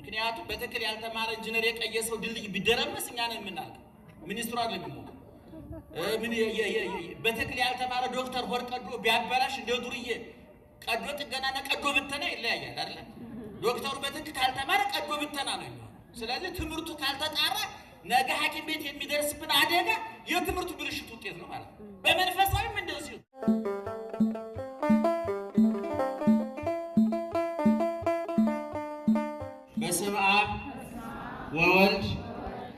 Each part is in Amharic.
ምክንያቱም በትክክል ያልተማረ ኢንጂነር የቀየሰው ድልድይ ቢደረመስ እኛ ነው የምናውቅ፣ ሚኒስትሩ አይደለም። በትክክል ያልተማረ ዶክተር ሆድ ቀዶ ቢያበላሽ እንደ ዱርዬ ቀዶ ጥገናና ቀዶ ብተና ይለያያል አይደለ? ዶክተሩ በትክክል ካልተማረ ቀዶ ብተና ነው። ስለዚህ ትምህርቱ ካልተጣራ ነገ ሐኪም ቤት የሚደርስብን አደጋ የትምህርቱ ብልሽት ውጤት ነው ማለት ነው። በመንፈሳዊም እንደዚሁ ወወልድ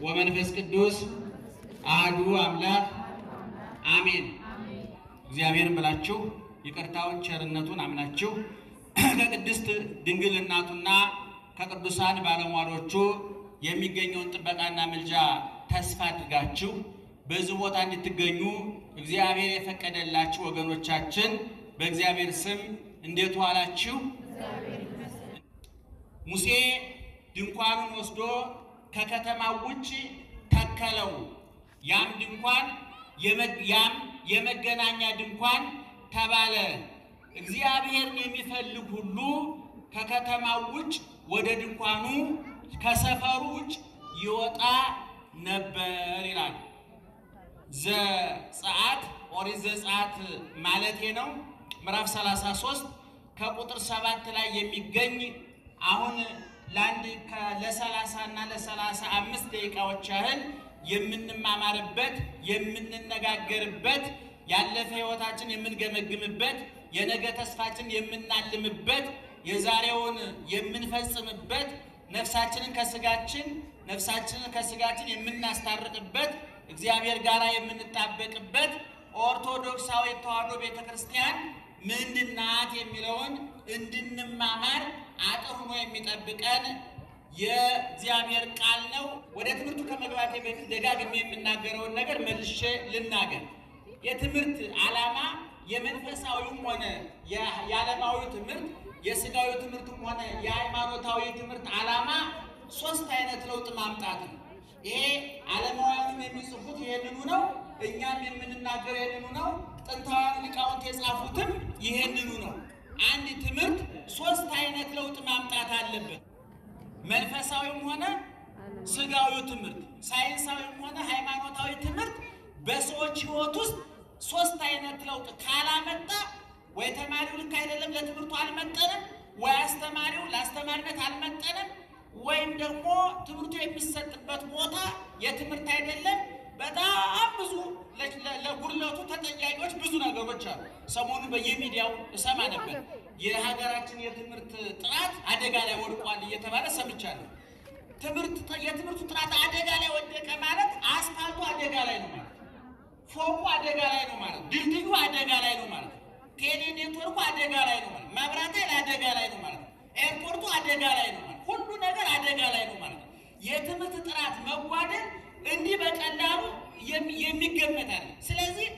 ወመንፈስ ቅዱስ አህዱ አምላክ አሜን። እግዚአብሔር ብላችሁ ይቅርታውን ቸርነቱን አምናችሁ ከቅድስት ድንግል እናቱና ከቅዱሳን ባለሟሎቹ የሚገኘውን ጥበቃና ምልጃ ተስፋ አድርጋችሁ በዚህ ቦታ እንድትገኙ እግዚአብሔር የፈቀደላችሁ ወገኖቻችን በእግዚአብሔር ስም እንዴት ዋላችሁ? ሙሴ ድንኳኑን ወስዶ ከከተማው ውጭ ተከለው። ያም ድንኳን ያም የመገናኛ ድንኳን ተባለ። እግዚአብሔርን የሚፈልግ ሁሉ ከከተማው ውጭ ወደ ድንኳኑ ከሰፈሩ ውጭ ይወጣ ነበር ይላል። ዘጸአት ኦሪት ዘጸአት ማለቴ ነው ምዕራፍ 33 ከቁጥር ሰባት ላይ የሚገኝ አሁን ለአንድ ለሰላሳ እና ለሰላሳ አምስት ደቂቃዎች ያህል የምንማማርበት የምንነጋገርበት ያለፈ ህይወታችን የምንገመግምበት የነገ ተስፋችን የምናልምበት የዛሬውን የምንፈጽምበት ነፍሳችንን ከስጋችን ነፍሳችንን ከስጋችን የምናስታርቅበት እግዚአብሔር ጋር የምንጣበቅበት ኦርቶዶክሳዊ ተዋሕዶ ቤተክርስቲያን ምንድን ናት የሚለውን እንድንማማር አጥርኖ የሚጠብቀን የእግዚአብሔር ቃል ነው። ወደ ትምህርቱ ከመግባቴ በፊት ደጋግሜ የምናገረውን ነገር መልሼ ልናገር። የትምህርት ዓላማ የመንፈሳዊም ሆነ የዓለማዊ ትምህርት የስጋዊ ትምህርትም ሆነ የሃይማኖታዊ ትምህርት ዓላማ ሶስት አይነት ለውጥ ማምጣት ነው። ይሄ ዓለማውያንም የሚጽፉት ይህንኑ ነው። እኛም የምንናገር ይህንኑ ነው። ጥንታውያን ሊቃውንት የጻፉትም ይህንኑ ነው። አንድ ትምህርት ሶስት አይነት ለውጥ ማምጣት አለበት። መንፈሳዊም ሆነ ስጋዊ ትምህርት፣ ሳይንሳዊም ሆነ ሃይማኖታዊ ትምህርት በሰዎች ህይወት ውስጥ ሶስት አይነት ለውጥ ካላመጣ ወይ ተማሪው ልክ አይደለም፣ ለትምህርቱ አልመጠንም፣ ወይ አስተማሪው ለአስተማሪነት አልመጠንም፣ ወይም ደግሞ ትምህርቱ የሚሰጥበት ቦታ የትምህርት አይደለም በጣም ብዙ ለጉድለቱ ተጠያቂዎች ብዙ ነገሮች አሉ። ሰሞኑ በየሚዲያው እሰማ ነበር። የሀገራችን የትምህርት ጥራት አደጋ ላይ ወድቋል እየተባለ ሰምቻለሁ። የትምህርቱ ጥራት አደጋ ላይ ወደቀ ማለት አስፋልቱ አደጋ ላይ ነው ማለት፣ ፎቁ አደጋ ላይ ነው ማለት፣ ድልድዩ አደጋ ላይ ነው ማለት፣ ቴሌ ኔትወርኩ አደጋ ላይ ነው ማለት፣ መብራት ኃይል አደጋ ላይ ነው ማለት፣ ኤርፖርቱ አደጋ ላይ ነው ማለት፣ ሁሉ ነገር አደጋ ላይ ነው ማለት የትምህርት ጥራት መጓደል እንዲህ በቀላሉ የሚገመታል። ስለዚህ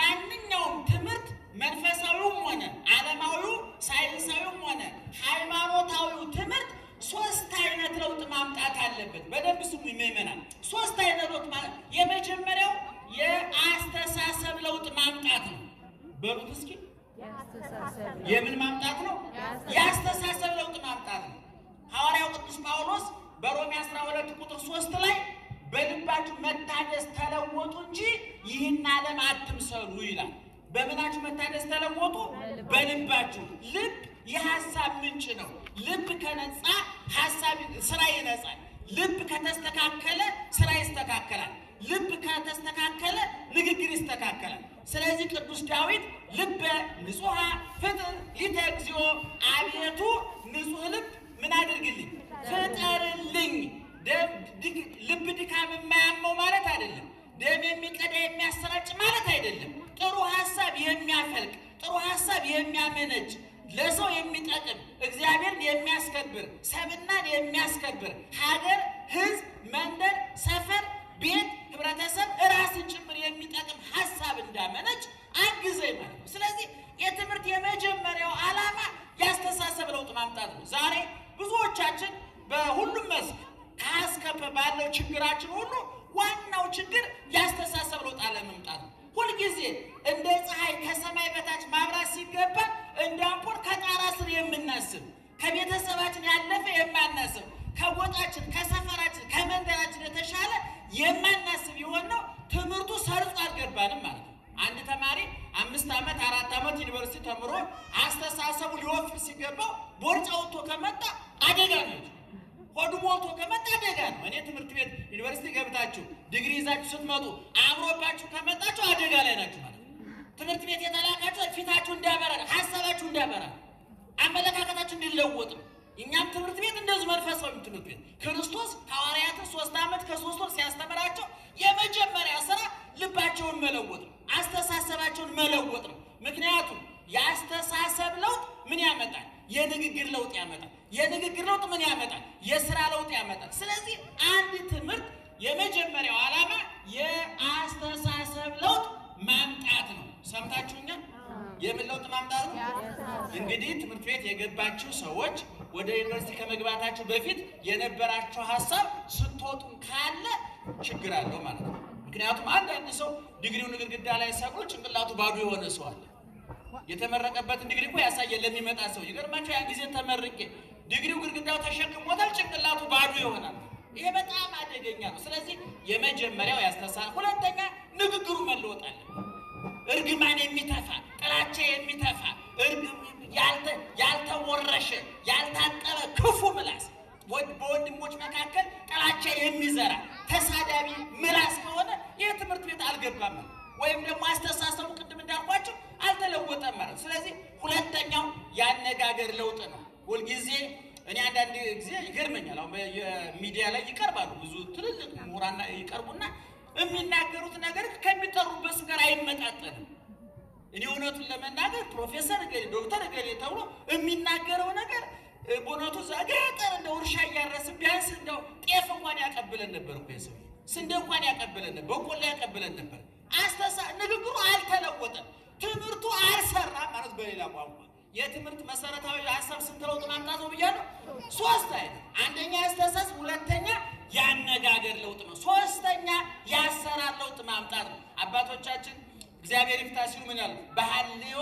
ማንኛውም ትምህርት መንፈሳዊም ሆነ ዓለማዊው፣ ሳይንሳዊም ሆነ ሃይማኖታዊው ትምህርት ሶስት አይነት ለውጥ ማምጣት አለበት። በደንብ ስሙ ይመመናል። ሶስት አይነት ለውጥ ማለት የመጀመሪያው የአስተሳሰብ ለውጥ ማምጣት ነው። በሉት እስኪ የምን ማምጣት ነው? የአስተሳሰብ ለውጥ ማምጣት ነው። ሐዋርያው ቅዱስ ጳውሎስ በሮሜ 12 ቁጥር 3 በምናችሁ መታደስ ተለወጡ እንጂ ይህን ዓለም አትምሰሉ ይላል። በምናችሁ መታደስ ተለወጡ፣ በልባችሁ። ልብ የሀሳብ ምንጭ ነው። ልብ ከነጻ ሀሳብ ስራ ይነጻል። ልብ ከተስተካከለ ስራ ይስተካከላል። ልብ ከተስተካከለ ንግግር ይስተካከላል። ስለዚህ ቅዱስ ዳዊት ልበ ንጹሐ ፍጥር ሊተ እግዚኦ፣ አቤቱ ንጹህ ልብ ምን አድርግልኝ? ፍጠርልኝ ልብ ድካም የማያመው ማለት አይደለም። ደም የሚቀዳ የሚያሰራጭ ማለት አይደለም። ጥሩ ሀሳብ የሚያፈልቅ ጥሩ ሀሳብ የሚያመነጭ ለሰው የሚጠቅም እግዚአብሔርን የሚያስከብር ሰብናን የሚያስከብር ሀገር፣ ህዝብ፣ መንደር፣ ሰፈር፣ ቤት፣ ህብረተሰብ እራስን ጭምር የሚጠቅም ሀሳብ እንዳመነጭ አግዘኝ ማለት ነው። ስለዚህ የትምህርት የመጀመሪያው ዓላማ ያስተሳሰብ ለውጥ ማምጣት ነው። ዛሬ ብዙዎቻችን በሁሉም መስክ አያስከፍ ባለው ችግራችን ሁሉ ዋናው ችግር ያስተሳሰብ ለውጥ አለመምጣት ነው። ሁልጊዜ እንደ ፀሐይ ከሰማይ በታች ማብራት ሲገባ እንደ አምፖል ከጣራ ስር የምናስብ ከቤተሰባችን ያለፈ የማናስብ ከጎጣችን፣ ከሰፈራችን፣ ከመንደራችን የተሻለ የማናስብ ይሆን ነው። ትምህርቱ ሰርጾ አልገባንም ማለት ነው። አንድ ተማሪ አምስት ዓመት አራት ዓመት ዩኒቨርሲቲ ተምሮ አስተሳሰቡ ሊወፍር ሲገባው ቦርጫ ወጥቶ ከመጣ አደጋ ነው። ሆዱ ሞልቶ ከመጣ አደጋ ነው። እኔ ትምህርት ቤት ዩኒቨርሲቲ ገብታችሁ ዲግሪ ይዛችሁ ስትመጡ አምሮባችሁ ከመጣችሁ አደጋ ላይ ናችሁ ማለት ነው። ትምህርት ቤት የተላካችሁ ፊታችሁ እንዳበራ፣ ሀሳባችሁ እንዳበራ፣ አመለካከታችሁ እንዲለወጥ እኛም ትምህርት ቤት እንደዚህ መንፈሳዊ ትምህርት ቤት ክርስቶስ ሐዋርያትን ሶስት ዓመት ከሶስት ወር ሲያስተምራቸው የመጀመሪያ ስራ ልባቸውን መለወጥ ነው። አስተሳሰባቸውን መለወጥ ነው። ምክንያቱም የአስተሳሰብ ለውጥ ምን ያመጣል? የንግግር ለውጥ ያመጣል። የንግግር ለውጥ ምን ያመጣል? የስራ ለውጥ ያመጣል። ስለዚህ አንድ ትምህርት የመጀመሪያው ዓላማ የአስተሳሰብ ለውጥ ማምጣት ነው። ሰምታችሁኛል? የምን ለውጥ ማምጣት ነው? እንግዲህ ትምህርት ቤት የገባችሁ ሰዎች ወደ ዩኒቨርሲቲ ከመግባታችሁ በፊት የነበራችሁ ሀሳብ ስትወጡም ካለ ችግር አለው ማለት ነው። ምክንያቱም አንዳንድ ሰው ዲግሪውን ግድግዳ ላይ ሰቅሎ ጭንቅላቱ ባዶ የሆነ ሰው አለ። የተመረቀበትን ዲግሪ እኮ ያሳየ ለሚመጣ ሰው ይገርማቸው። ያን ጊዜ ተመርቄ ዲግሪው ግድግዳው ተሸክሞታል፣ ጭንቅላቱ ባዶ ይሆናል። ይሄ በጣም አደገኛ ነው። ስለዚህ የመጀመሪያው ያስተሳሰብ፣ ሁለተኛ ንግግሩ መለወጣል። እርግማን የሚተፋ ጥላቻ የሚተፋ ያልተወረሸ ያልታጠበ ክፉ ምላስ በወንድሞች መካከል ጥላቻ የሚዘራ ተሳዳቢ ምላስ ከሆነ ይህ ትምህርት ቤት አልገባም። ወይም ደግሞ አስተሳሰቡ ቅድም እንዳልኳቸው አልተለወጠም ማለት። ስለዚህ ሁለተኛው የአነጋገር ለውጥ ነው። ሁልጊዜ እኔ አንዳንድ ጊዜ ይገርመኛል። አሁን በሚዲያ ላይ ይቀርባሉ ብዙ ትልልቅ ምሁራን ይቀርቡና የሚናገሩት ነገር ከሚጠሩበት ጋር አይመጣጠንም። እኔ እውነቱን ለመናገር ፕሮፌሰር እገሌ ዶክተር እገሌ ተብሎ የሚናገረው ነገር በእውነቱ ገጠር እንደ እርሻ እያረስን ቢያንስ እንደው ጤፍ እንኳን ያቀብለን ነበር እኮ የሰው ስንዴ እንኳን ያቀብለን ነበር፣ በቆሎ ያቀብለን ነበር። አስተሳ ንግግሩ አልተለወጠም። ትምህርቱ አልሰራም ማለት በሌላ ቋንቋ የትምህርት መሰረታዊ ሀሳብ ስንት ለውጥ ማምጣት ነው ብያለሁ። ሶስት አይነት፣ አንደኛ አስተሳሰብ፣ ሁለተኛ ያነጋገር ለውጥ ነው፣ ሶስተኛ የአሰራር ለውጥ ማምጣት ነው። አባቶቻችን እግዚአብሔር ይፍታ ሲሉ ምን ያሉ በሐልዮ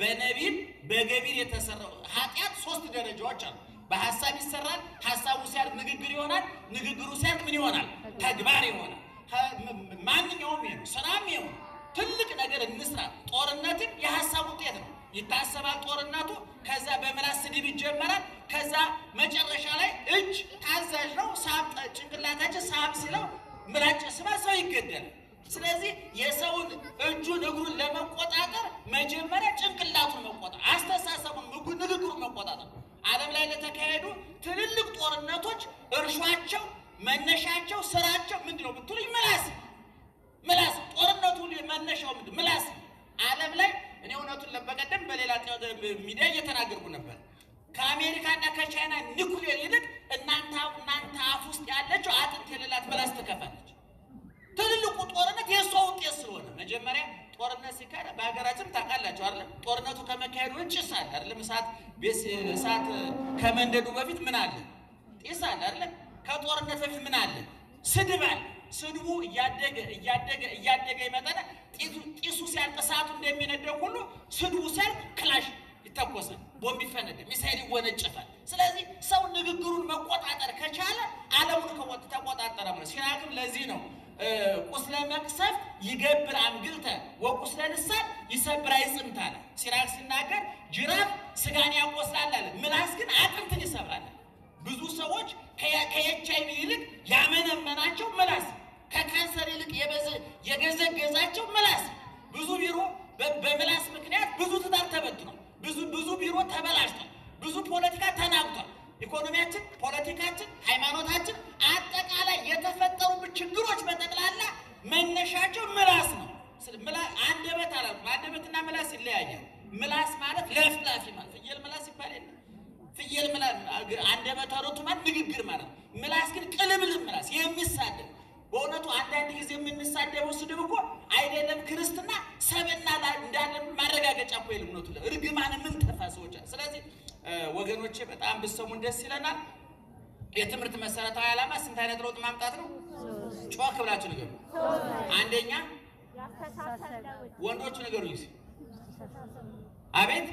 በነቢብ በገቢር የተሰራው ኃጢአት ሶስት ደረጃዎች አሉ። በሀሳብ ይሰራል። ሀሳቡ ሲያልቅ ንግግር ይሆናል። ንግግሩ ሲያልቅ ምን ይሆናል? ተግባር ይሆናል። ማንኛውም ይሄ ነው፣ ስራም ይሄ ትልቅ ነገር እንስራ። ጦርነትም የሀሳብ ውጤት ነው። ይታሰባል ጦርነቱ፣ ከዛ በምላስ ስድብ ይጀመራል። ከዛ መጨረሻ ላይ እጅ ታዛዥ ነው። ሳብ ጭንቅላታችን ሳብ ሲለው ምላጭ ስባ ሰው ይገደል። ስለዚህ የሰውን እጁን እግሩን ለመቆጣጠር መጀመሪያ ጭንቅላቱን መቆጣጠር፣ አስተሳሰቡን፣ ንግግሩን መቆጣጠር። ዓለም ላይ ለተካሄዱ ትልልቅ ጦርነቶች እርሿቸው መነሻቸው ስራቸው ምንድን ነው ብትሉኝ፣ ምላስ ምላስ። ጦርነቱ መነሻው ምንድን ምላስ። ዓለም ላይ እኔ እውነቱን ለበቀደም በሌላ ሚዲያ እየተናገርኩ ነበር። ከአሜሪካና ከቻይና ኒኩሌር ይልቅ እናንተ እናንተ አፍ ውስጥ ያለችው አጥንት የሌላት ምላስ ትከፋለች። ትልልቁ ጦርነት የእሷ ውጤት ስለሆነ መጀመሪያ ጦርነት ሲካሄድ በሀገራችን ታውቃላችሁ አለ ጦርነቱ ከመካሄዱ ውጭ ጭስ አለም እሳት ቤት እሳት ከመንደዱ በፊት ምን አለ? ጢስ አለ አይደለም? ከጦርነት በፊት ምን አለ? ስድብ አለ። ስድቡ እያደገ እያደገ እያደገ ይመጣል። ጢሱ ሲያልቅ ሰዓቱ እንደሚነደው ሁሉ ስድቡ ሲያልቅ ክላሽ ይተኮሳል፣ ቦምብ ይፈነዳል፣ ሚሳይል ይወነጨፋል። ስለዚህ ሰው ንግግሩን መቆጣጠር ከቻለ ዓለሙን ተቆጣጠረ ማለት ሲራክም። ለዚህ ነው ቁስለ መቅሰፍ ይገብር አንግልተ ወቁስለ ንሳል ይሰብር አይጽምታለ ሲራክ ሲናገር ጅራፍ ስጋን ያቆስላል፣ ምላስ ግን አጥንትን ይሰብራል። ብዙ ሰዎች ከኤች አይቪ ስንት አይነት ለውጥ ማምጣት ነው? ጮክ ብላችሁ ንገሩ። አንደኛ ወንዶቹ ነገሩ ይስ አቤት።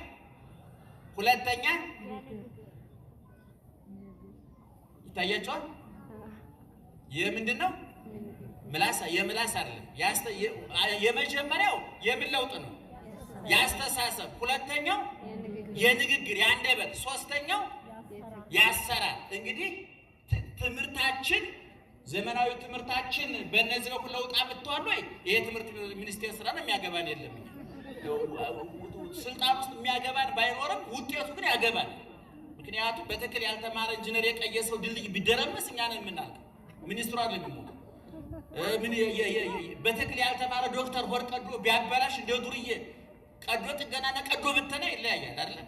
ሁለተኛ ይታያቸዋል። የምንድን ነው? ምላስ የምላስ አይደለም። የመጀመሪያው የምን ለውጥ ነው? ያስተሳሰብ። ሁለተኛው የንግግር የአንደበት። ሶስተኛው ያሰራር። እንግዲህ ትምህርታችን ዘመናዊ ትምህርታችን በእነዚህ በኩል ለውጣ አምጥተዋል ይሄ ትምህርት ሚኒስቴር ስራ ነው የሚያገባን የለም። ስልጣን ውስጥ የሚያገባን ባይኖርም ውጤቱ ግን ያገባል። ምክንያቱም በትክክል ያልተማረ ኢንጂነር የቀየሰው ድልድይ ቢደረመስ እኛ ነው የምናውቅ፣ ሚኒስትሩ አይደለም። በትክክል ያልተማረ ዶክተር ሆድ ቀዶ ቢያበላሽ እንደ ዱርዬ ቀዶ ጥገናና ቀዶ ብተና ይለያያል አይደለም።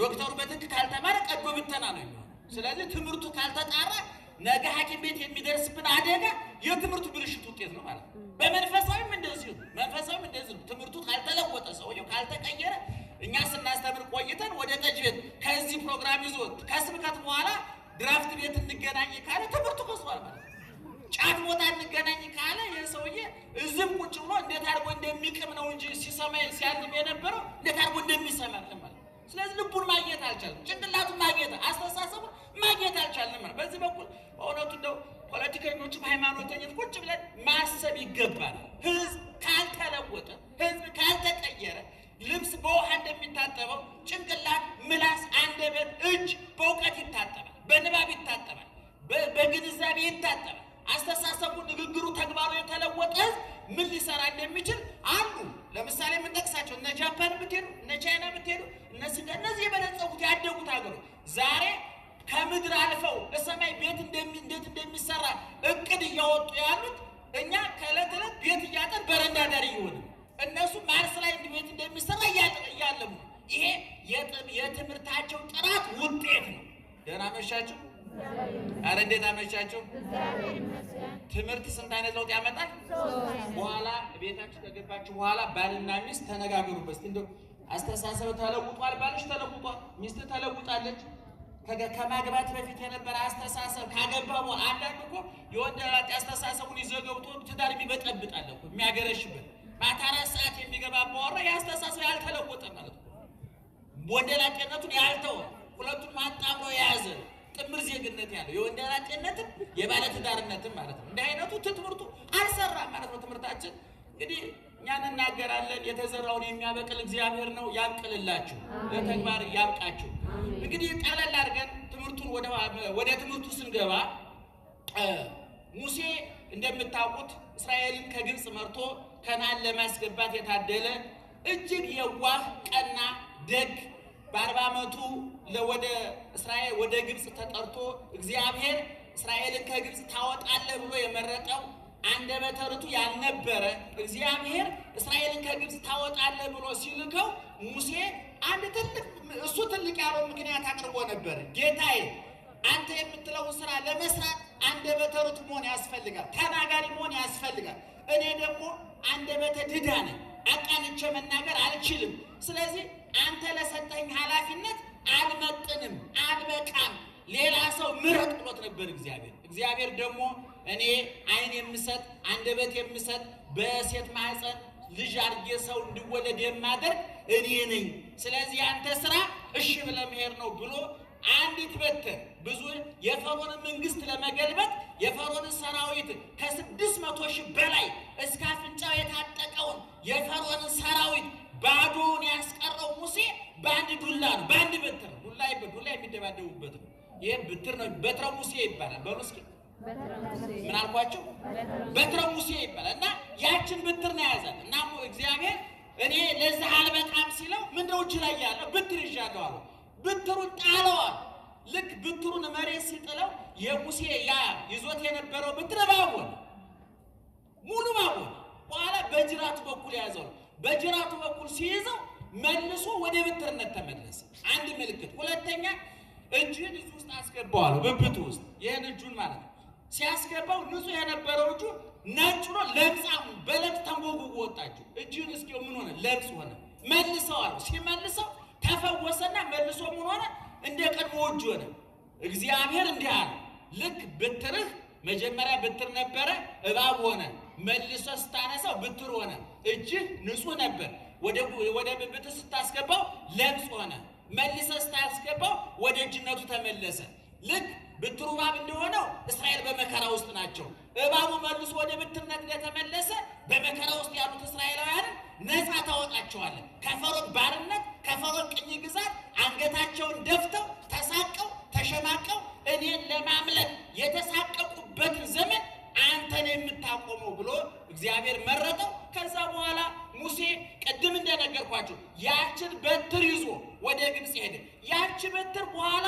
ዶክተሩ በትክክል ካልተማረ ቀዶ ብተና ነው። ስለዚህ ትምህርቱ ካልተጣራ ነገ ሐኪም ቤት የሚደርስብን አደጋ የትምህርቱ ብልሽት ውጤት ነው ማለት ነው። በመንፈሳዊም እንደዚሁ መንፈሳዊም እንደዚሁ ትምህርቱ ካልተለወጠ ሰውየው ካልተቀየረ እኛ ስናስተምር ቆይተን ወደ ጠጅ ቤት ከዚህ ፕሮግራም ይዞ ከስብከት በኋላ ድራፍት ቤት እንገናኝ ካለ ትምህርቱ ከስዋል ማለት ነው። ጫት ቦታ እንገናኝ ካለ ይህ ሰውዬ እዝም ቁጭ ብሎ እንዴት አድርጎ እንደሚቅም ነው እንጂ ሲሰማ ሲያልም የነበረው እንዴት አድርጎ እንደሚሰማ ማለት ስለዚህ ልቡን ማግኘት አልቻልም። ጭንቅላቱን ማግኘት አስተሳሰቡ ማግኘት አልቻልንም። በዚህ በኩል በእውነቱ እንደው ፖለቲከኞችም ሃይማኖተኞች ቁጭ ብለን ማሰብ ይገባል። ህዝብ ካልተለወጠ፣ ህዝብ ካልተቀየረ ልብስ በውሃ እንደሚታጠበው ጭንቅላት፣ ምላስ፣ አንደበት፣ እጅ በእውቀት ይታጠባል፣ በንባብ ይታጠባል፣ በግንዛቤ ይታጠባል። አስተሳሰቡ፣ ንግግሩ፣ ተግባሩ የተለወጠ ህዝብ ምን ሊሰራ እንደሚችል አሉ። ለምሳሌ የምንጠቅሳቸው እነ ጃፓን የምትሄዱ እነ ቻይና የምትሄዱ እነዚህ የበለጸጉት ያደጉት ሀገሮች ዛሬ ከምድር አልፈው ለሰማይ ቤት እንዴት እንደሚሰራ እቅድ እያወጡ ያሉት እኛ ከእለት ዕለት ቤት እያጠን በረንዳ ዳር እየሆነ እነሱ ማርስ ላይ ቤት እንደሚሰራ እያለሙ ይሄ የትምህርታቸው ጥራት ውጤት ነው። ደህና መሻችሁ። አረ እንዴት አመቻችሁ? ትምህርት ስንት አይነት ለውጥ ያመጣል? በኋላ ቤታችሁ ከገባችሁ በኋላ ባልና ሚስት ተነጋገሩበት። እንደው አስተሳሰብ ተለውጧል። ባልሽ ተለውጧል፣ ሚስት ተለውጣለች። ከማግባት በፊት የነበረ አስተሳሰብ ካገባ በኋላ አንዳንድ እኮ የወንድ ላጤ አስተሳሰቡን ይዞ ገብቶ ትዳር የሚበጠብጣል የሚያገረሽበት ማታ አራት ሰዓት የሚገባ በኋላ የአስተሳሰብ ያልተለወጠ ማለት ነው። ወንድ ላጤነቱን ያልተወ ሁለቱን ማጣምሮ የያዘ ነው። ጥምር ዜግነት ያለው የወንድ አራጭነትም የባለትዳርነትም ማለት ነው። እንዲህ አይነቱ ትምህርቱ አልሰራም ማለት ነው። ትምህርታችን እንግዲህ እኛ እንናገራለን። የተዘራውን የሚያበቅል እግዚአብሔር ነው። ያብቅልላችሁ፣ ለተግባር ያብቃችሁ። እንግዲህ ጠለል አድርገን ትምህርቱን ወደ ትምህርቱ ስንገባ ሙሴ እንደምታውቁት እስራኤልን ከግብፅ መርቶ ከነዓን ለማስገባት የታደለ እጅግ የዋህ ቀና፣ ደግ በአርባ ዓመቱ ወደ እስራኤል ወደ ግብፅ ተጠርቶ እግዚአብሔር እስራኤልን ከግብፅ ታወጣለህ ብሎ የመረጠው አንደበተ ርቱዕ ያልነበረ እግዚአብሔር እስራኤልን ከግብፅ ታወጣለህ ብሎ ሲልከው ሙሴ አንድ ትልቅ እሱ ትልቅ ያለው ምክንያት አቅርቦ ነበር። ጌታዬ አንተ የምትለውን ስራ ለመስራት አንደበተ ርቱዕ መሆን ያስፈልጋል፣ ተናጋሪ መሆን ያስፈልጋል። እኔ ደግሞ አንደበተ ድዳ ነኝ፣ አቃንቼ መናገር አልችልም። ስለዚህ አንተ ለሰጠኝ ኃላፊነት አልመጥንም፣ አልበቃም፣ ሌላ ሰው ምረጥ ብሎት ነበር እግዚአብሔር። እግዚአብሔር ደግሞ እኔ አይን የምሰጥ አንደበት የምሰጥ በሴት ማህፀን ልጅ አድርጌ ሰው እንዲወለድ የማደርግ እኔ ነኝ። ስለዚህ አንተ ስራ እሺ ብለህ መሄድ ነው ብሎ አንዲት በትር ብዙ የፈሮን መንግስት ለመገልበጥ የፈሮን ሰራዊት ከስድስት መቶ ሺህ በላይ እስከ አፍንጫው የታጠቀውን የፈሮን ሰራዊት ባዶውን ያስቀረው ሙሴ በአንድ ዱላ ነው፣ በአንድ በትር ነው። ዱላ ዱላ የሚደባደቡበት ነው። ይህ ብትር ነው፣ በትረ ሙሴ ይባላል። በሉ ምን አልኳቸው? በትረ ሙሴ ይባላል። እና ያችን ብትር ነው የያዛት እና እግዚአብሔር እኔ ለዚህ አልበቃም ሲለው ምንድነው እጅ ላይ ያለ ብትር ይዣለሁ አለው። ብትሩን ጣለዋል። ልክ ብትሩን መሬት ሲጥለው የሙሴ ያ ይዞት የነበረው ብትር እባብ ሙሉ እባብ በኋላ በጅራቱ በኩል የያዘው ነው በጅራቱ በኩል ሲይዘው መልሶ ወደ ብትርነት ተመለሰ። አንድ ምልክት። ሁለተኛ እጅን እጁ ውስጥ አስገባዋለሁ፣ ብብቱ ውስጥ ይህን እጁን ማለት ነው። ሲያስገባው ንጹህ የነበረው እጁ ነጭ ሆኖ ለምጻሙ በለምጽ ተንቦጉ ወጣችሁ። እጅን እስኪ ምን ሆነ? ለምጽ ሆነ። መልሰዋለሁ። ሲመልሰው ተፈወሰና መልሶ ምን ሆነ? እንደ ቀድሞ እጅ ሆነ። እግዚአብሔር እንዲህ አለ፣ ልክ ብትርህ መጀመሪያ ብትር ነበረ፣ እባብ ሆነ። መልሶ ስታነሳው ብትር ሆነ። እጅህ ንጹህ ነበር። ወደ ብብት ስታስገባው ለምጽ ሆነ። መልሰ ስታስገባው ወደ እጅነቱ ተመለሰ። ልክ ብትሩ እባብ እንደሆነው እስራኤል በመከራ ውስጥ ናቸው። እባቡ መልሶ ወደ ብትርነት እንደተመለሰ በመከራ ውስጥ ያሉት እስራኤላውያን ነፃ ታወጣቸዋለን። ከፈሮን ባርነት፣ ከፈሮን ቅኝ ግዛት አንገታቸውን ደፍተው ተሳቀው ተሸማቀው እኔን ለማምለክ የተሳቀቁበትን ዘመን አንተን የምታቆመው ብሎ እግዚአብሔር መረጠው። ከዛ በኋላ ሙሴ ቅድም እንደነገርኳቸው ያችን በትር ይዞ ወደ ግብፅ ሄደ። ያች በትር በኋላ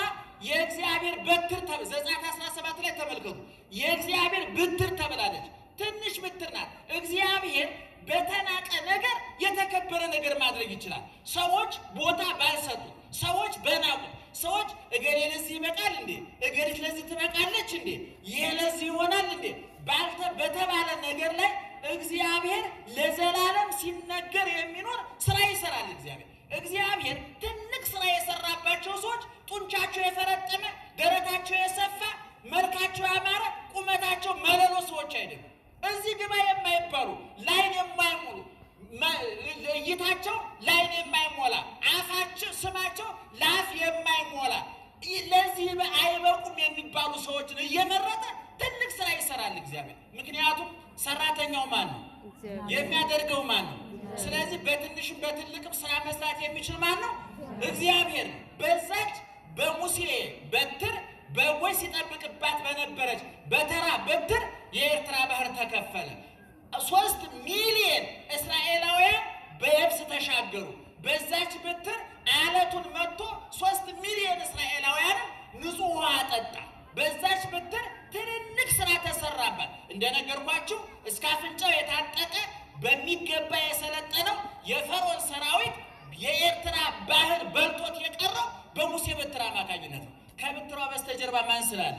የእግዚአብሔር በትር ዘጸአት 17 ላይ ተመልከቱ። የእግዚአብሔር ብትር ተብላለች። ትንሽ ብትር ናት። እግዚአብሔር በተናቀ ነገር የተከበረ ነገር ማድረግ ይችላል። ሰዎች ቦታ ባልሰጡ ሰዎች በናቁ፣ ሰዎች እገሌ ለዚህ ይበቃል እንዴ? እገሌት ለዚህ ትበቃለች እንዴ? ይህ ለዚህ ይሆናል እንዴ? በተባለ ነገር ላይ እግዚአብሔር ለዘላለም ሲነገር የሚኖር ስራ ይሰራል። እግዚአብሔር እግዚአብሔር ትልቅ ስራ የሰራባቸው ሰዎች ጡንቻቸው የፈረጠመ፣ ደረታቸው የሰፋ፣ መልካቸው ያማረ፣ ቁመታቸው መለሎ ሰዎች አይደሉም። እዚህ ግባ የማይባሉ ላይን የማይሞሉ እይታቸው ላይን የማይሞላ አፋቸው ስማቸው ላፍ የማይሞላ ለዚህ አይበቁም የሚባሉ ሰዎችን እየመረጠ ትልቅ ስራ ይሰራል እግዚአብሔር። ምክንያቱም ሰራተኛው ማን ነው? የሚያደርገው ማን ነው? ስለዚህ በትንሽም በትልቅም ስራ መስራት የሚችል ማን ነው? እግዚአብሔር። በዛች በሙሴ በትር በጎይ ሲጠብቅባት በነበረች በተራ በትር የኤርትራ ባህር ተከፈለ። ሶስት ሚሊየን እስራኤላውያን በየብስ ተሻገሩ። በዛች በትር አለቱን መጥቶ ሶስት ሚሊየን እስራኤላውያን ንጹህ ውሃ አጠጣ። በዛች ብትር ትልልቅ ስራ ተሰራበት። እንደነገርኳችሁ እስከ አፍንጫው የታጠቀ በሚገባ የሰለጠነው የፈርዖን ሰራዊት የኤርትራ ባህር በልጦት የቀረው በሙሴ በትር አማካኝነት ነው። ከብትሯ በስተጀርባ ማን ስላለ?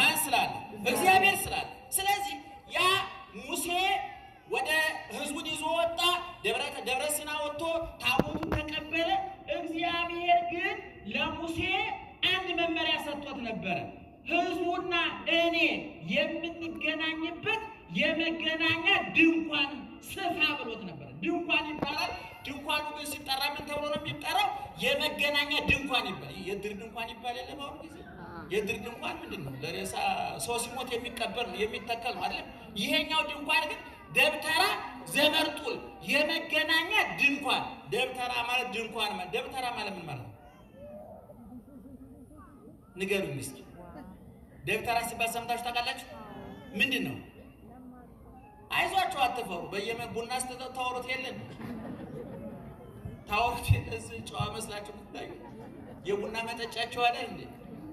ማን ስላለ? እግዚአብሔር ስላለ። ስለዚህ ያ ሙሴ ወደ ህዝቡን ይዞ ወጣ። ደብረ ሲና ወጥቶ ታቦቱ ተቀበለ። እግዚአብሔር ግን ለሙሴ አንድ መመሪያ ሰጥቶት ነበረ። ህዝቡና እኔ የምንገናኝበት የመገናኛ ድንኳን ስፍራ ብሎት ነበር። ድንኳን ይባላል። ድንኳኑ ግን ሲጠራ ምን ተብሎ ነው የሚጠራው? የመገናኛ ድንኳን ይባላል። የድር ድንኳን ይባል የለም። አሁን ጊዜ የድር ድንኳን ምንድን ነው? ለሬሳ ሰው ሲሞት የሚቀበር ነው የሚተከል ነው አይደለም። ይሄኛው ድንኳን ግን ደብተራ ዘመርጡል የመገናኛ ድንኳን። ደብተራ ማለት ድንኳን ማለት ደብተራ ማለት ምን ማለት ነው? ንገሩኝ እስኪ ደብተራ ሲባል ሰምታችሁ ታውቃላችሁ? ምንድን ነው? አይዟችሁ፣ አትፈሩ። በየመ ቡና ታወሩት የለን ታወሩት የለን ጨዋ መስላችሁ ምታዩ የቡና መጠጫቸው አለ እንዴ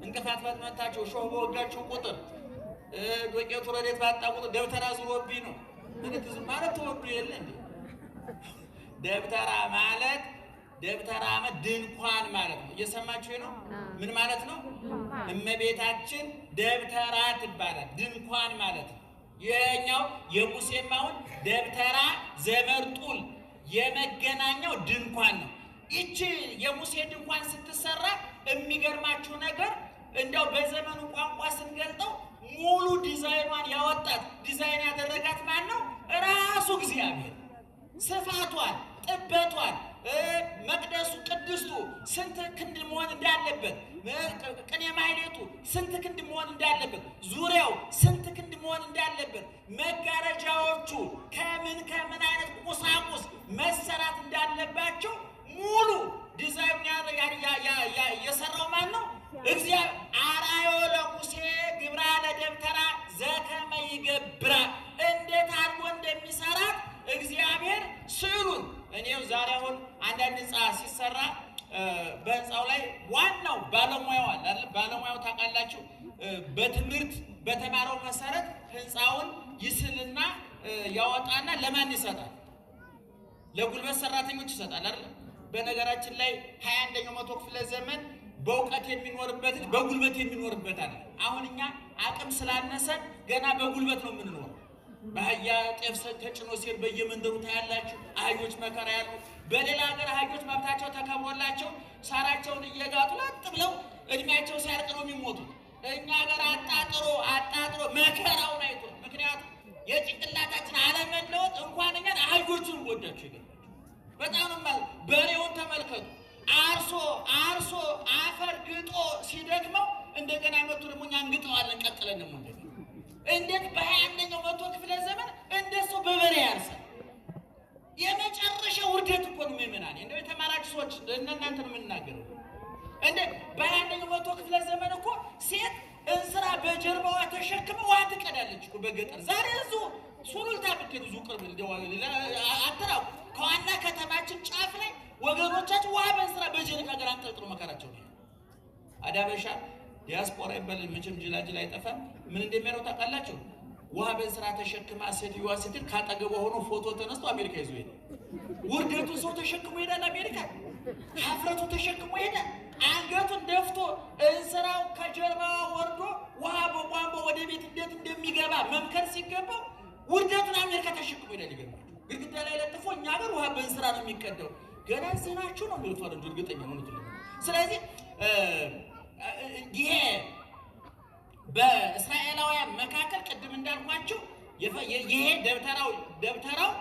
እንቅፋት መጥመታቸው ሾህ በወጋችሁ ቁጥር ዶቄቱ ረዴት ባጣ ቁጥር ደብተራ ዙሮብኝ ነው ምልክት ማለት ተወዱ የለ እንዴ ደብተራ ማለት ደብተራ ዓመት ድንኳን ማለት ነው። እየሰማችሁ ነው? ምን ማለት ነው? እመቤታችን ደብተራ ትባላል። ድንኳን ማለት ነው። ይህኛው የሙሴማውን ደብተራ ዘመርጡል የመገናኛው ድንኳን ነው። ይቺ የሙሴ ድንኳን ስትሰራ የሚገርማችሁ ነገር እንደው በዘመኑ ቋንቋ ስንገልጠው ሙሉ ዲዛይኗን ያወጣት ዲዛይን ያደረጋት ማን ነው? ራሱ እግዚአብሔር ስፋቷን እበቷን መቅደሱ ቅድስቱ ስንት ክንድ መሆን እንዳለበት፣ ቅኔ ማኅሌቱ ስንት ክንድ መሆን እንዳለበት፣ ዙሪያው ስንት ክንድ መሆን እንዳለበት፣ መጋረጃዎቹ ከምን ከምን አይነት ቁሳቁስ መሰራት እንዳለባቸው ሙሉ ዲዛይን የሰራው ማን ነው? እግዚአብሔር። አርአዮ ለሙሴ ግብራ ለደብተራ ዘከመ ይገብራ፣ እንዴት አድርጎ እንደሚሰራት እግዚአብሔር ስዕሉን እኔው ዛሬ አሁን አንዳንድ ህንፃ ሲሰራ በህንፃው ላይ ዋናው ባለሙያው አለ። ባለሙያው ታውቃላችሁ፣ በትምህርት በተማረው መሰረት ህንፃውን ይስልና ያወጣና ለማን ይሰጣል? ለጉልበት ሰራተኞች ይሰጣል አይደል? በነገራችን ላይ ሀያ አንደኛው መቶ ክፍለ ዘመን በእውቀት የሚኖርበት በጉልበት የሚኖርበት አለ። አሁን እኛ አቅም ስላነሰን ገና በጉልበት ነው የምንኖረው። በአህያ ጤፍ ተጭኖ ሲሄድ በየመንደሩ ታያላችሁ። አህዮች መከራ ያሉ። በሌላ ሀገር አህዮች መብታቸው ተከብሮላቸው ሳራቸውን እየጋጡ ለጥ ብለው እድሜያቸው ሲያልቅ ነው የሚሞቱት። እኛ ሀገር አጣጥሮ አጣጥሮ መከራውን አይቶ ምክንያቱም የጭንቅላታችን አለመለወጥ እንኳን እኛን አህዮቹን ጎዳቸው ይገባቸው። በጣም ማለት በሬውን ተመልከቱ። አርሶ አርሶ አፈር ግጦ ሲደግመው እንደገና መቱ ደግሞ እኛ እንግጠዋለን ቀጥለን እንዴት በሀያ አንደኛው መቶ ክፍለ ዘመን እንደ እንደሱ በበሬ ያርሰ የመጨረሻ ውርደት እኮ ነው። ምእመናን እንደው የተማራችሁ ሰዎች እናንተ ነው የምናገረው። እንደ በሀያ አንደኛው መቶ ክፍለ ዘመን እኮ ሴት እንስራ በጀርባዋ ተሸክመ ውሃ ትቀዳለች እኮ በገጠር ዛሬ እዙ ሱሉልታ ብትሄዱ እዙ ቅርብ አትራው ከዋና ከተማችን ጫፍ ላይ ወገኖቻችን ውሃ በእንስራ በጀሪካ ገር አንጠልጥሎ መከራቸው ነው አዳበሻ ዲያስፖራ ይባላል። መቼም ጅላጅል አይጠፋም። ምን እንደሚያደርጉ ታውቃላችሁ? ውሃ በእንስራ ተሸክማ ሴትዮዋ ስትል ካጠገቧ ሆኖ ፎቶ ተነስቶ አሜሪካ ይዞ ሄደ። ውርደቱ ሰው ተሸክሞ ይሄዳል አሜሪካ፣ ሀፍረቱ ተሸክሞ ይሄዳል። አንገቱን ደፍቶ እንስራው ከጀርባዋ ወርዶ ውሃ በቧንቧ ወደ ቤት እንዴት እንደሚገባ መምከር ሲገባው ውርደቱን አሜሪካ ተሸክሞ ይሄዳል። ይገርማል። ግድግዳ ላይ ለጥፎ እኛ ሀገር ውሃ በእንስራ ነው የሚቀደው። ገና ዜናችሁ ነው ሚወቷ እርግጠኛ ሆኑት። ስለዚህ ይሄ በእስራኤላውያን መካከል ቅድም እንዳልኳችሁ ይሄ ደብተራው ደብተራው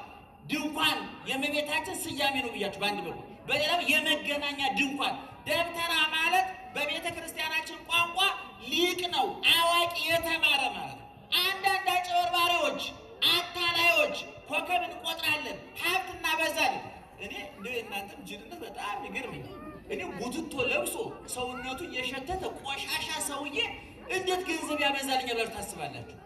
ድንኳን የእመቤታችን ስያሜ ነው ብያችሁ በአንድ በኩል፣ በሌላው የመገናኛ ድንኳን ደብተራ ማለት በቤተ ክርስቲያናችን ቋንቋ ሊቅ ነው፣ አዋቂ የተማረ ማለት ነው። አንዳንድ አጭበርባሪዎች፣ አታላዮች ኮከብ እንቆጥራለን ሀብት እናበዛለን። እኔ እናንተም ጅልነት በጣም ይገርመኛል። እኔ ቡትቶ ለብሶ ሰውነቱ እየሸተተ ቆሻሻ ሰውዬ እንዴት ገንዘብ ያበዛልኝ ብላችሁ ታስባላችሁ?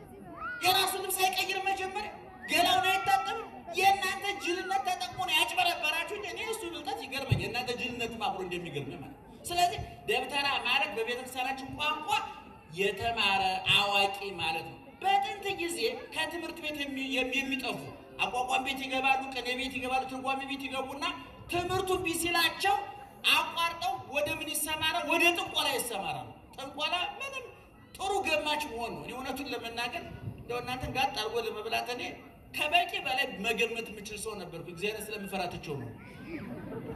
የራሱ ልብስ አይቀይርም፣ መጀመሪያ ገላውን አይታጠብም። የእናንተ ጅልነት ተጠቅሞ ነው ያጭበረበራችሁ። እኔ እሱ ብልጠት ይገርመኝ፣ የእናንተ ጅልነት አብሮ እንደሚገርም ማለት። ስለዚህ ደብተራ ማለት በቤተክርስቲያናችን ቋንቋ የተማረ አዋቂ ማለት ነው። በጥንት ጊዜ ከትምህርት ቤት የሚጠፉ አቋቋም ቤት ይገባሉ፣ ቅኔ ቤት ይገባሉ፣ ትርጓሜ ቤት ይገቡና ትምህርቱ ቢሲላቸው አቋርጠው ወደ ምን ይሰማራል? ወደ ጥንቆላ ይሰማራል። ጥንቆላ ምንም ጥሩ ገማች መሆን ነው። እውነቱን ለመናገር እንደው እናንተን ጋር ጣርጎ ለመብላት እኔ ከበቂ በላይ መገመት የምችል ሰው ነበርኩ። እግዚአብሔር ስለምፈራትቸው ነው።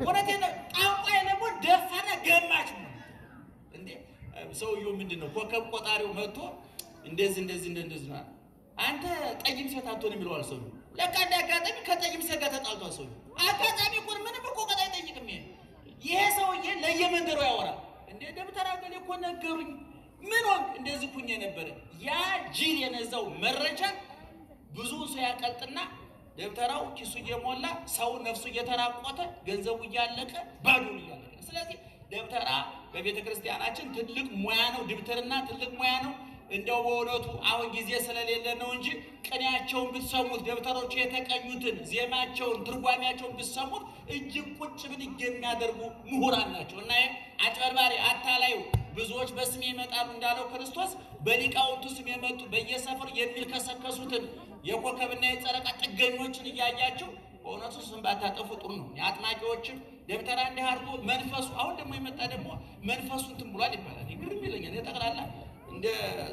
እውነቴ ነው። ጠንቋይ ደግሞ ደፋና ገማች ነው እንዴ! ሰውየው ምንድን ነው ኮከብ ቆጣሪው መጥቶ እንደዚህ እንደዚህ እንደዚህ ነው አንተ ጠይም ሴት አትሆንም ይለዋል ሰውየው። ለካ እንደ አጋጣሚ ከጠይም ሴት ጋር ተጣልቷል ሰውየው። አጋጣሚ ቁር ምንም እኮ ቀጣይ ጠይቅም ይሄ ይሄ ሰውዬ ለየመንገዱ ያወራል። እንደ ደብተራ ገሌ እኮ ነገሩኝ፣ ምን ሆንክ? እንደዚህ ኩኝ የነበረ ያ ጅል የነዛው መረጃ ብዙ ሰው ያቀልጥና ደብተራው ኪሱ እየሞላ ሰው ነፍሱ እየተራቆተ ገንዘቡ እያለቀ ባዱን እያለቀ። ስለዚህ ደብተራ በቤተ ክርስቲያናችን ትልቅ ሙያ ነው። ድብትርና ትልቅ ሙያ ነው። እንደው በእውነቱ አሁን ጊዜ ስለሌለ ነው እንጂ ቅኔያቸውን ብትሰሙት፣ ደብተሮቹ የተቀኙትን ዜማቸውን፣ ትርጓሚያቸውን ብትሰሙት እጅግ ቁጭ ብድግ የሚያደርጉ ምሁራን ናቸው እና አጭበርባሪ አታላዩ ብዙዎች በስሜ ይመጣሉ እንዳለው ክርስቶስ በሊቃውንቱ ስም የመጡ በየሰፈሩ የሚልከሰከሱትን የኮከብና የጨረቃ ጥገኞችን እያያቸው በእውነቱ ስም ባታጠፉ ጥሩ ነው። የአጥማቂዎችም ደብተራ እንዲህ አድርጎ መንፈሱ አሁን ደግሞ የመጣ ደግሞ መንፈሱ እንትን ብሏል ይባላል። ግርም ይለኛል ጠቅላላ እንደ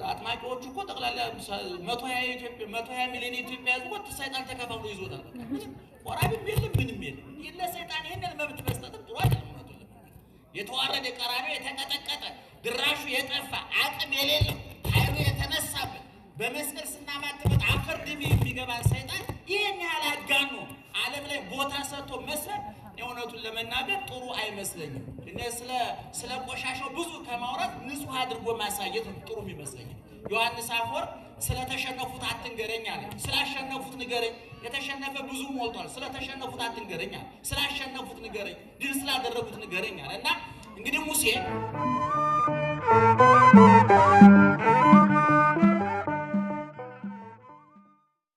አጥማቂዎቹ እኮ ጠቅላላ መቶ ሀያ ሚሊዮን የኢትዮጵያ ህዝብ እኮ ሰይጣን ተከፋፍሎ ይዞታል። ቆራቢም የለም ምንም የለም። ይህ ለሰይጣን ይህንን መብት መስጠትም ጥሩ አይደለም። የተዋረደ ቀራኔ የተቀጠቀጠ ድራሹ የጠፋ አቅም የሌለው ኃይሉ የተነሳበት በመስቀል ስናማትበት አፈር ድሜ የሚገባን ሰይጣን ይህን ያህል አጋኖ ዓለም ላይ ቦታ ሰጥቶ መስረት እውነቱን ለመናገር ጥሩ አይመስለኝም። ስለ ቆሻሻው ብዙ ከማውራት ንጹህ አድርጎ ማሳየት ጥሩ ይመስለኝ። ዮሐንስ አፈወርቅ ስለተሸነፉት አትንገረኝ አለ። ስላሸነፉት ንገረኝ። የተሸነፈ ብዙ ሞልቷል። ስለተሸነፉት አትንገረኝ አለ። ስላሸነፉት ንገረኝ፣ ድል ስላደረጉት ንገረኝ አለ እና እንግዲህ ሙሴ